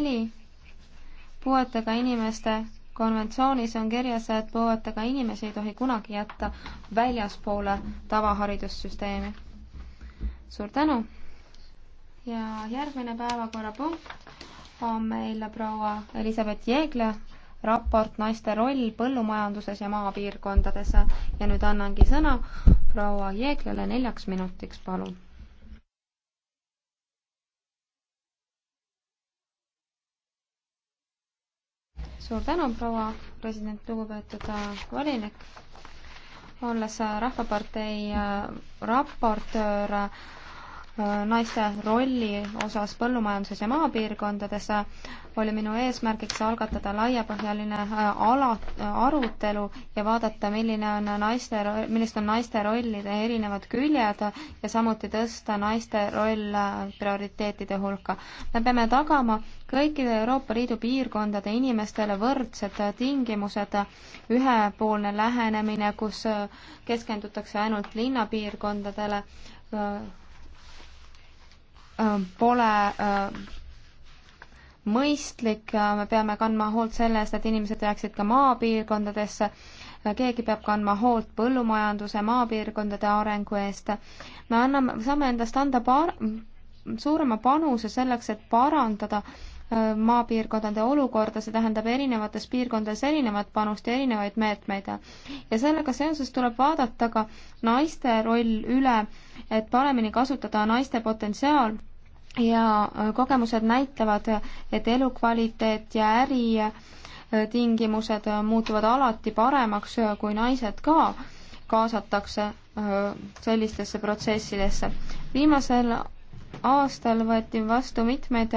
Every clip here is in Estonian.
neli puuetega inimeste konventsioonis on kirjas, et puuetega inimesi ei tohi kunagi jätta väljaspoole tavaharidussüsteemi. suur tänu! ja järgmine päevakorrapunkt on meil proua Elizabeth Jeegla raport Naiste roll põllumajanduses ja maapiirkondades ja nüüd annangi sõna proua Jeeglale neljaks minutiks, palun suur tänu, proua president, lugupeetud äh, volinik. olles äh, Rahvapartei äh, raportöör naiste rolli osas põllumajanduses ja maapiirkondades oli minu eesmärgiks algatada laiapõhjaline äh, ala, äh, arutelu ja vaadata, milline on naiste, millised on naiste rollide erinevad küljed ja samuti tõsta naiste roll äh, prioriteetide hulka. me peame tagama kõikide Euroopa Liidu piirkondade inimestele võrdsed tingimused, ühepoolne lähenemine, kus keskendutakse ainult linnapiirkondadele, Äh, pole äh, mõistlik, äh, me peame kandma hoolt selle eest, et inimesed jääksid ka maapiirkondadesse, keegi peab kandma hoolt põllumajanduse, maapiirkondade arengu eest. me anname, saame endast anda paar-, suurema panuse selleks, et parandada maapiirkondade olukorda, see tähendab erinevates piirkondades erinevat panust ja erinevaid meetmeid. ja sellega seoses tuleb vaadata ka naiste roll üle, et paremini kasutada naiste potentsiaal ja äh, kogemused näitavad, et elukvaliteet ja äritingimused äh, äh, muutuvad alati paremaks, kui naised ka kaasatakse sellistesse protsessidesse. viimasel aastal võeti vastu mitmeid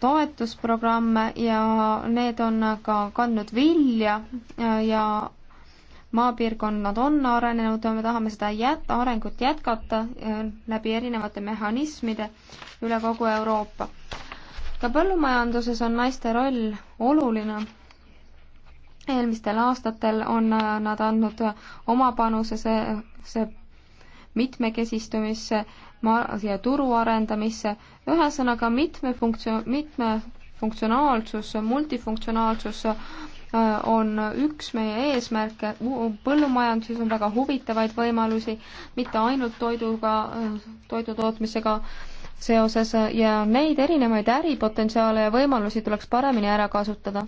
toetusprogramme ja need on ka kandnud vilja ja maapiirkonnad on arenenud, me tahame seda jät-, arengut jätkata äh, läbi erinevate mehhanismide üle kogu Euroopa. ka põllumajanduses on naiste roll oluline. eelmistel aastatel on äh, nad andnud oma panuse see, see mitmekesistumisse ma- ja turu arendamisse, ühesõnaga mitme funktsioon, mitme funktsionaalsus, multifunktsionaalsus Äh, on üks meie eesmärke. põllumajanduses on väga huvitavaid võimalusi, mitte ainult toiduga, äh, toidu tootmisega seoses äh, ja neid erinevaid äripotentsiaale ja võimalusi tuleks paremini ära kasutada.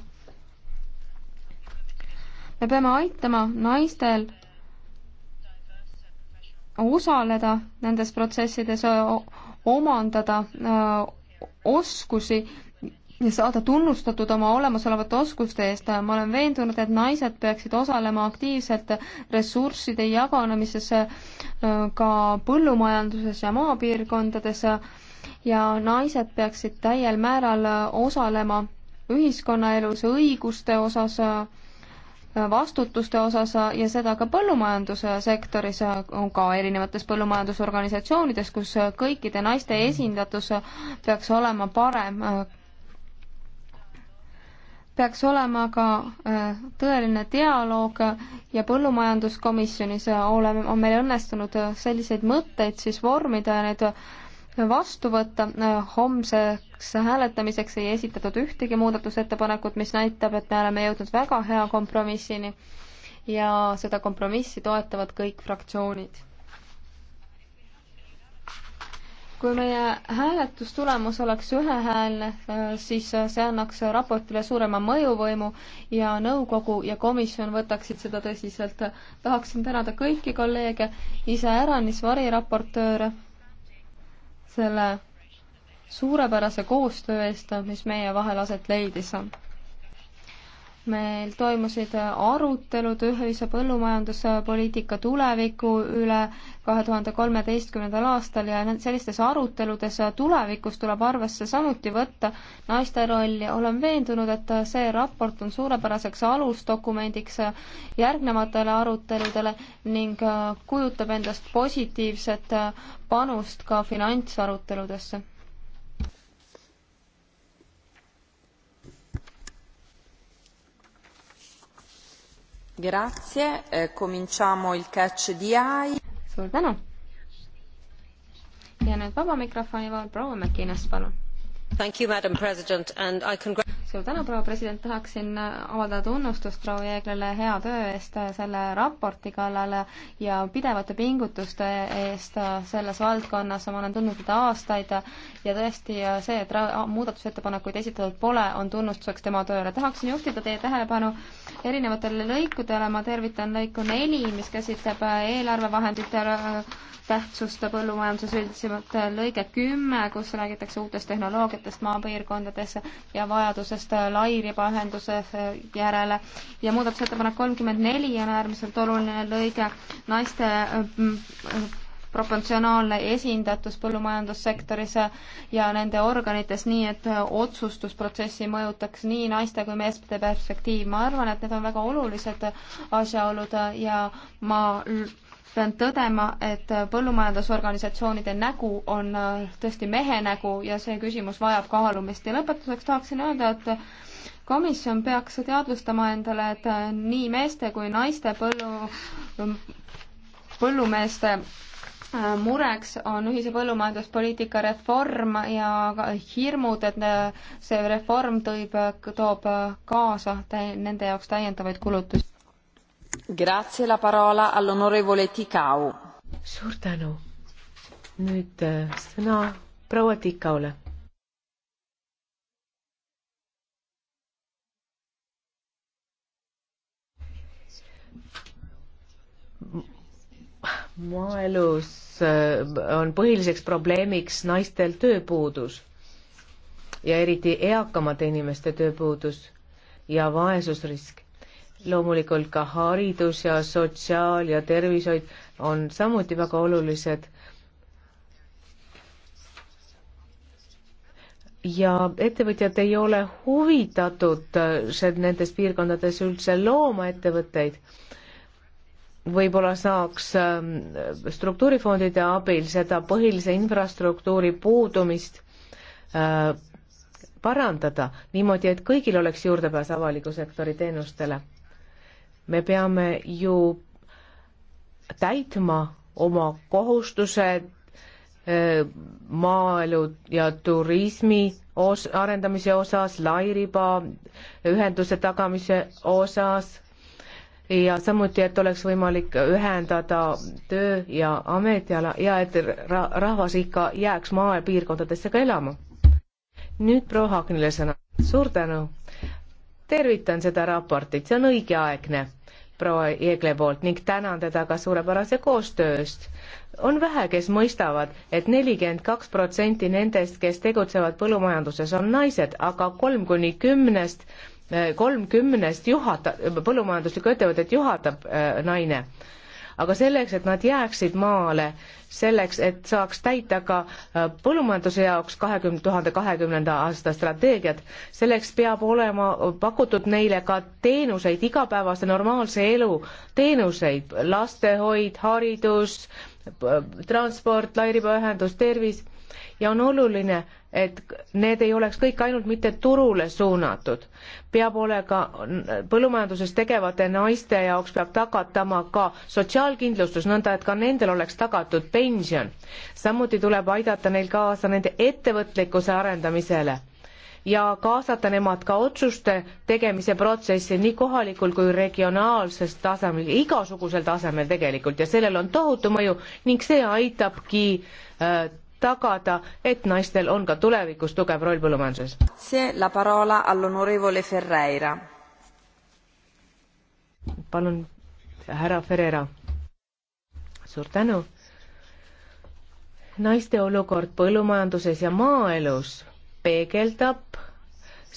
me peame aitama naistel osaleda nendes protsessides, omandada oskusi saada tunnustatud oma olemasolevate oskuste eest. ma olen veendunud, et naised peaksid osalema aktiivselt ressursside jaganemises äh, ka põllumajanduses ja maapiirkondades ja naised peaksid täiel määral osalema ühiskonnaelus õiguste osas, vastutuste osas ja seda ka põllumajandussektoris, ka erinevates põllumajandusorganisatsioonides, kus kõikide naiste esindatus peaks olema parem peaks olema ka äh, tõeline dialoog ja põllumajanduskomisjonis äh, oleme, on meil õnnestunud äh, selliseid mõtteid siis vormida ja need vastu võtta. homseks hääletamiseks ei esitatud ühtegi muudatusettepanekut, mis näitab, et me oleme jõudnud väga hea kompromissini ja seda kompromissi toetavad kõik fraktsioonid kui meie hääletustulemus oleks ühehäälne, äh, siis äh, see annaks raportile suurema mõjuvõimu ja nõukogu ja komisjon võtaksid seda tõsiselt. tahaksin tänada kõiki kolleege, iseäranis variraportööre selle suurepärase koostöö eest, mis meie vahel aset leidis meil toimusid arutelud ühise põllumajanduspoliitika tuleviku üle kahe tuhande kolmeteistkümnendal aastal ja sellistes aruteludes tulevikus tuleb arvesse samuti võtta naiste rolli. olen veendunud, et see raport on suurepäraseks alusdokumendiks järgnevatele aruteludele ning kujutab endast positiivset panust ka finantsaruteludesse Grazie, eh, cominciamo il catch di ai. suur tänu. ja nüüd vaba mikrofoni pool, proua Mäkinas, palun suur tänu, proua president, tahaksin äh, avaldada tunnustust proua Jeeglale hea töö eest äh, selle raporti kallal äh, ja pidevate pingutuste eest selles valdkonnas, ma olen tundnud teda aastaid ja tõesti see, et muudatusettepanekuid esitatud pole, on tunnustuseks tema tööle. tahaksin juhtida teie tähelepanu erinevatele lõikudele, ma tervitan lõiku neli, mis käsitleb eelarvevahendite tähtsust põllumajanduses üldisemalt, lõige kümme, kus räägitakse uutest tehnoloogiatest, kaugetest maapiirkondades ja vajadusest lairibaühenduse järele. ja muudatusettepanek kolmkümmend neli on äärmiselt oluline lõige naiste mm, proportsionaalne esindatus põllumajandussektoris ja nende organites, nii et otsustusprotsessi mõjutaks nii naiste kui meeste perspektiiv. ma arvan, et need on väga olulised asjaolud ja ma pean tõdema, et põllumajandusorganisatsioonide nägu on äh, tõesti mehe nägu ja see küsimus vajab kaalumist ja lõpetuseks tahaksin öelda, et komisjon peaks teadvustama endale, et äh, nii meeste kui naiste põllu, ähm, põllumeeste äh, mureks on ühise põllumajanduspoliitika reform ja hirmud, et see reform tõib, toob kaasa nende jaoks täiendavaid kulutusi. Grazie la parola all'onorevole Tikau. suur tänu. nüüd äh, sõna proua Tikaule. maaelus äh, on põhiliseks probleemiks naistel tööpuudus ja eriti eakamate inimeste tööpuudus ja vaesusrisk loomulikult ka haridus ja sotsiaal- ja tervishoid on samuti väga olulised. ja ettevõtjad ei ole huvitatud äh, nendes piirkondades üldse looma ettevõtteid. võib-olla saaks ähm, struktuurifondide abil seda põhilise infrastruktuuri puudumist äh, parandada niimoodi, et kõigil oleks juurdepääs avaliku sektori teenustele me peame ju täitma oma kohustused äh, maaelu ja turismi os-, arendamise osas, lairiba ühenduse tagamise osas ja samuti, et oleks võimalik ühendada töö ja ametiala ja et ra-, rahvas ikka jääks maapiirkondadesse ka elama. nüüd proua Hagnile sõna. suur tänu tervitan seda raportit, see on õigeaegne proua Jeegle poolt ning tänan teda ka suurepärase koostöö eest. on vähe, kes mõistavad et, et nelikümmend kaks protsenti nendest, kes tegutsevad põllumajanduses, on naised, aga kolm kuni kümnest, kolm kümnest juhata-, põllumajanduslikku ettevõtet juhatab äh, naine aga selleks, et nad jääksid maale, selleks, et saaks täita ka äh, põllumajanduse jaoks kahekümne, tuhande kahekümnenda aasta strateegiat, selleks peab olema pakutud neile ka teenuseid, igapäevase normaalse elu teenuseid, lastehoid, haridus, transport, lairibaühendus, tervis ja on oluline, et need ei oleks kõik ainult mitte turule suunatud. peab olema, põllumajanduses tegevate naiste jaoks peab tagatama ka sotsiaalkindlustus, nõnda et ka nendel oleks tagatud pension. samuti tuleb aidata neil kaasa nende ettevõtlikkuse arendamisele ja kaasata nemad ka otsuste tegemise protsessi nii kohalikul kui regionaalsel tasemel, igasugusel tasemel tegelikult ja sellel on tohutu mõju ning see aitabki äh, tagada, et naistel on ka tulevikus tugev roll põllumajanduses. palun, härra Ferreira. suur tänu. naiste olukord põllumajanduses ja maaelus peegeldab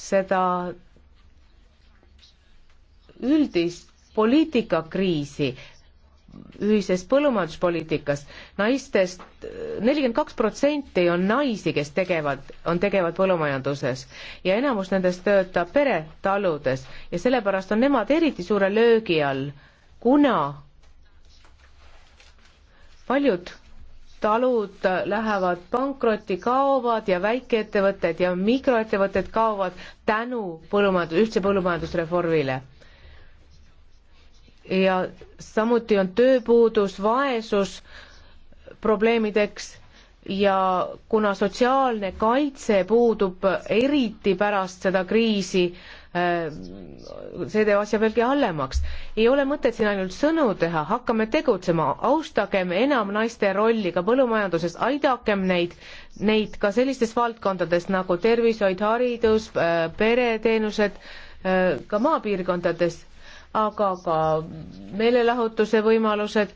seda üldist poliitikakriisi, ühises põllumajanduspoliitikas naistest, nelikümmend kaks protsenti on naisi, kes tegevad, on tegevad põllumajanduses ja enamus nendest töötab peretaludes ja sellepärast on nemad eriti suure löögi all, kuna paljud talud lähevad pankrotti, kaovad ja väikeettevõtted ja mikroettevõtted kaovad tänu põllumajandus, ühtse põllumajandusreformile ja samuti on tööpuudus, vaesus probleemideks ja kuna sotsiaalne kaitse puudub eriti pärast seda kriisi, äh, see teeb asja veelgi halvemaks. ei ole mõtet siin ainult sõnu teha, hakkame tegutsema, austagem enam naiste rolli ka põllumajanduses, aidakem neid, neid ka sellistes valdkondades nagu tervishoid, haridus, äh, pereteenused, äh, ka maapiirkondades aga ka meelelahutuse võimalused,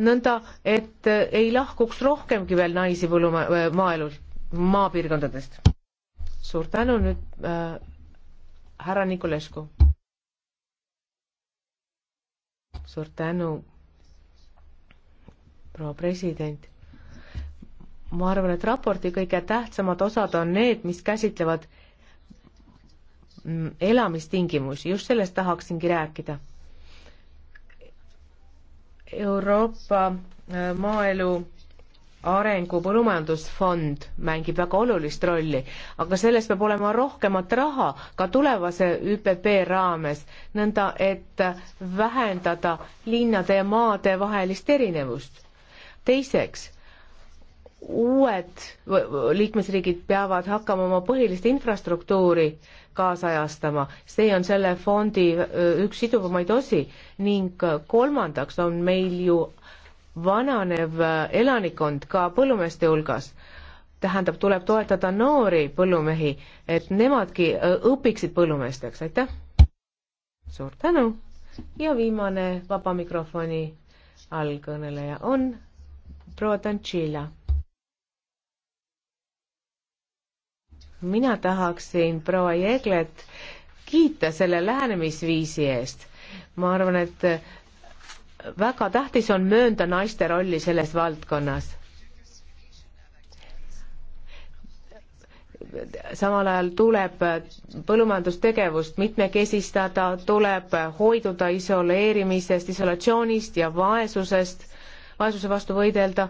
nõnda et ei lahkuks rohkemgi veel naisi põlluma-, maaelus, maapiirkondadest. suur tänu nüüd äh, härra Nikolescu. suur tänu, proua president ma arvan, et raporti kõige tähtsamad osad on need, mis käsitlevad Mm, elamistingimusi, just sellest tahaksingi rääkida. Euroopa äh, Maaelu Arengu Põllumajandusfond mängib väga olulist rolli, aga selles peab olema rohkemat raha ka tulevase ÜPP raames, nõnda et vähendada linnade ja maade vahelist erinevust. teiseks, uued liikmesriigid peavad hakkama oma põhilist infrastruktuuri äh, kaasajastama. see on selle fondi äh, üks siduvamaid osi ning äh, kolmandaks on meil ju vananev äh, elanikkond ka põllumeeste hulgas tähendab, tuleb toetada noori põllumehi, et nemadki õpiksid põllumeesteks, aitäh! suur tänu ja viimane vaba mikrofoni allkõneleja on proua Tantšila mina tahaksin proua Jeglet kiita selle lähenemisviisi eest. ma arvan, et väga tähtis on möönda naiste rolli selles valdkonnas. samal ajal tuleb põllumajandustegevust mitmekesistada, tuleb hoiduda isoleerimisest, isolatsioonist ja vaesusest, vaesuse vastu võidelda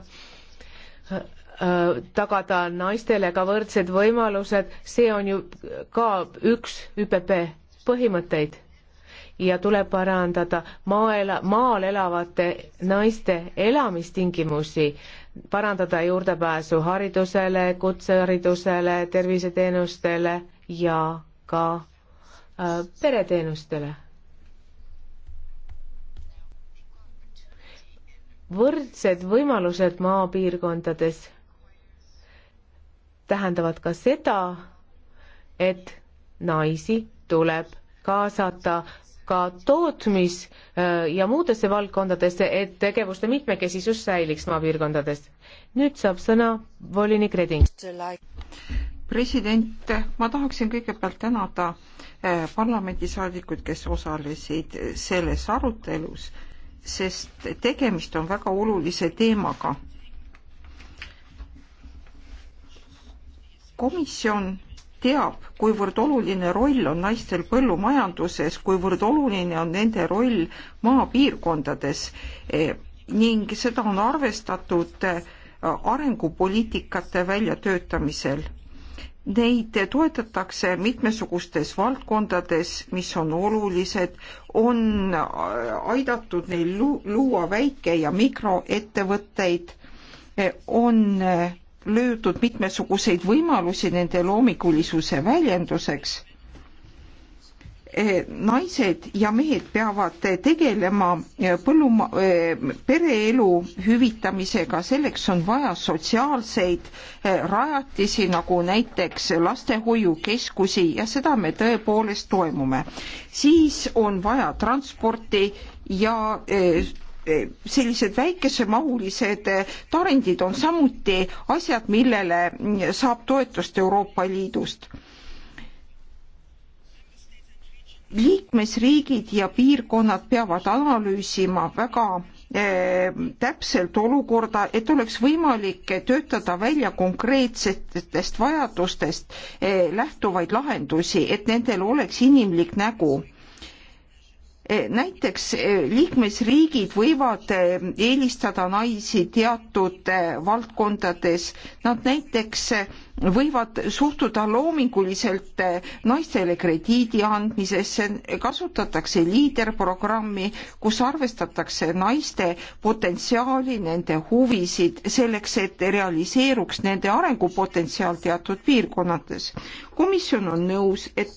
Äh, tagada naistele ka võrdsed võimalused, see on ju ka üks ÜPP põhimõtteid ja tuleb parandada maal, maal elavate naiste elamistingimusi, parandada juurdepääsu haridusele, kutseharidusele, terviseteenustele ja ka äh, pereteenustele. võrdsed võimalused maapiirkondades tähendavad ka seda, et naisi tuleb kaasata ka tootmis- ja muudesse valdkondadesse, et tegevuste mitmekesisus säiliks maapiirkondades. nüüd saab sõna volinik Reding. president, ma tahaksin kõigepealt tänada eh, parlamendisaadikud, kes osalesid selles arutelus, sest tegemist on väga olulise teemaga komisjon teab, kuivõrd oluline roll on naistel põllumajanduses, kuivõrd oluline on nende roll maapiirkondades e, ning seda on arvestatud e, arengupoliitikate väljatöötamisel. Neid toetatakse mitmesugustes valdkondades, mis on olulised, on aidatud neil luua väike- ja mikroettevõtteid, e, on löödud mitmesuguseid võimalusi nende loomingulisuse väljenduseks. Eh, naised ja mehed peavad tegelema eh, põlluma-, eh, pereelu hüvitamisega, selleks on vaja sotsiaalseid rajatisi, nagu näiteks lastehoiukeskusi ja seda me tõepoolest toimume. siis on vaja transporti ja Eh, sellised väikesemahulised eh, tarendid on samuti asjad, millele mm, saab toetust Euroopa Liidust. liikmesriigid ja piirkonnad peavad analüüsima väga eh, täpselt olukorda, et oleks võimalik töötada välja konkreetsetest vajadustest lähtuvaid lahendusi, et nendel oleks inimlik nägu Eh, näiteks eh, liikmesriigid võivad eh, eelistada naisi teatud valdkondades, nad näiteks võivad suhtuda loominguliselt naistele krediidi andmisesse, kasutatakse liiderprogrammi, kus arvestatakse naiste potentsiaali, nende huvisid selleks, et realiseeruks nende arengupotentsiaal teatud piirkonnates. komisjon on nõus, et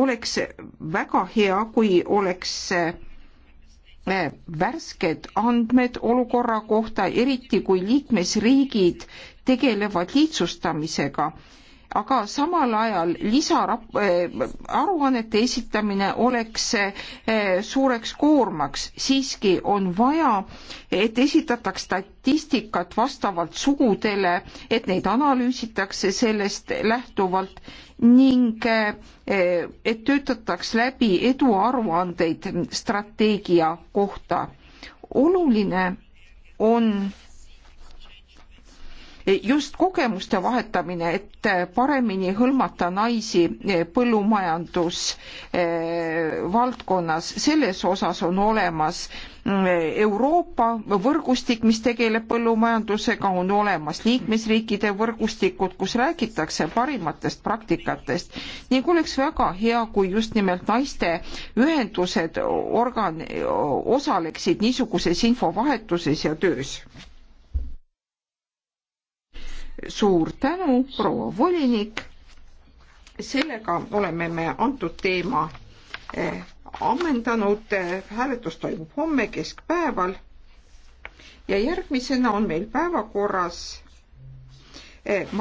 oleks väga hea, kui oleks äh, värsked andmed olukorra kohta, eriti kui liikmesriigid tegelevad lihtsustamisega aga samal ajal lisarap-, eh, aruannete esitamine oleks eh, suureks koormaks. siiski on vaja, et esitataks statistikat vastavalt sugudele, et neid analüüsitakse sellest lähtuvalt ning eh, et töötataks läbi eduaruandeid strateegia kohta. oluline on just kogemuste vahetamine, et paremini hõlmata naisi põllumajandusvaldkonnas, eh, selles osas on olemas mm, Euroopa võrgustik, mis tegeleb põllumajandusega, on olemas liikmesriikide võrgustikud, kus räägitakse parimatest praktikatest ning oleks väga hea, kui just nimelt naiste ühendused organ-, osaleksid niisuguses infovahetuses ja töös suur tänu, proua volinik. sellega oleme me antud teema eh, ammendanud, hääletus toimub homme keskpäeval. ja järgmisena on meil päevakorras eh,